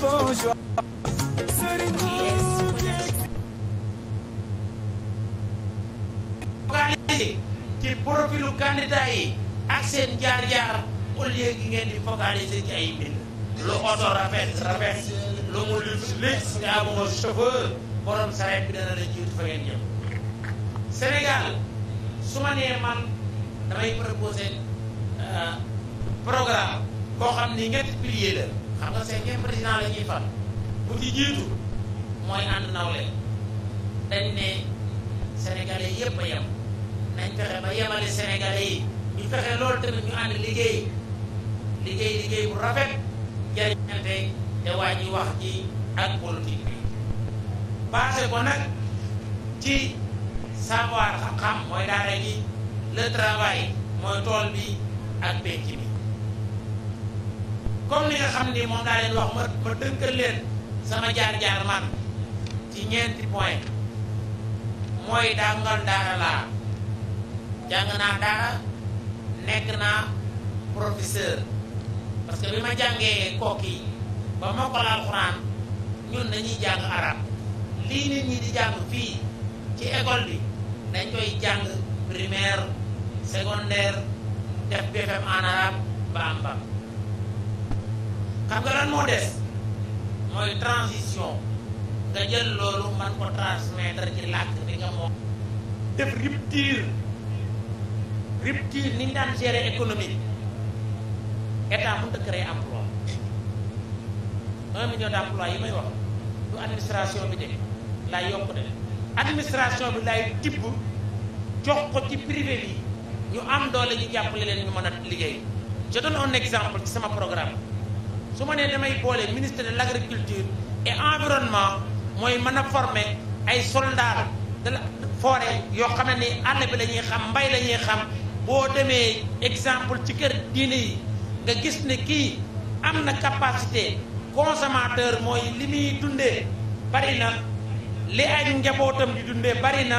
bonjour. ci profilu candidat yi ak seen jaar-jaar au lieu gi ngeen di focaliser ci ay mbind lu oto rafet rafet lu mu luxe luxe nga amoo chauffeur borom sareet bi dana la jiitu fa ngeen ñëw Sénégal su ma nee man damay proposer programme koo xam ni ñetti pilier la xam nga cinquième président la ñuy fal bu ci mooy ànd nawle dañ ne sénégalais yépp a yem nañ fexe ba yemale sénégalais yi ñu fexe loolu tamit ñu ànd liggéey liggéey bu rafet jëriñante te wàññi wax ji ak politique bi basé ko nag ci savoir xam-xam mooy daara gi le travail mooy tool bi ak penc bi comme li nga xam ni moom daa leen wax ma ma dënkal sama jaar-jaar man ci ñeenti point mooy dàngal daara laa jàng naa daara nekk naa professeur parce que bi ma jàngee kooki ba ma ko laal alxuraan ñun dañuy jàng arab lii nit ñi di jàng fii ci école bi dañ koy jàng primaire secondaire def BFM en ba am ba xam nga lan moo des mooy transition nga jël loolu man ko transmettre ci làkk bi nga moom def rupture rupture ni daan gérer économie état mënut a créer emploi un million d'emploi yi may wax du administration bi de laay yokk de administration bi laay tibb jox ko ci privé bi ñu am doole ñu jàppale leen ñu mën a liggéey je donne un exemple ci sama programme su ma nee damay boole ministre de l' agriculture et environnement mooy mën a forme ay soldats de la yoo xam ne ni àll bi la xam mbay la xam boo demee exemple ci kër diine yi nga gis ne kii am na capacité consommateur mooy li muy dundee bari na li ay njabootam di dundee bari na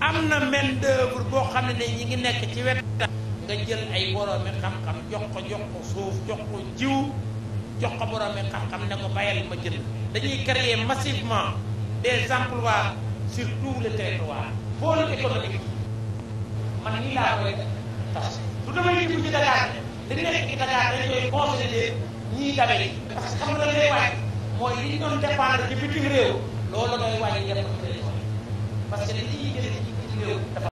am na menn d'œuvre boo xam ne ñi ngi nekk ci wet nga jël ay boroomi xam-xam jox jox suuf jox jiw jox ko boroomi xam-xam ne ko bayal ma jënd dañuy créer massivement des emplois sur tout le territoire pôle économique man nii laa koy tax du damay dugg ci Dakar ne li nekk ci Dakar dañ koy conseiller ñiy dabe parce que xam nga lay wàññi mooy li ñu doon dépendre ci bitim réew loolu looy wàññi def parce que li ñuy jëlee ci bitim réew dafa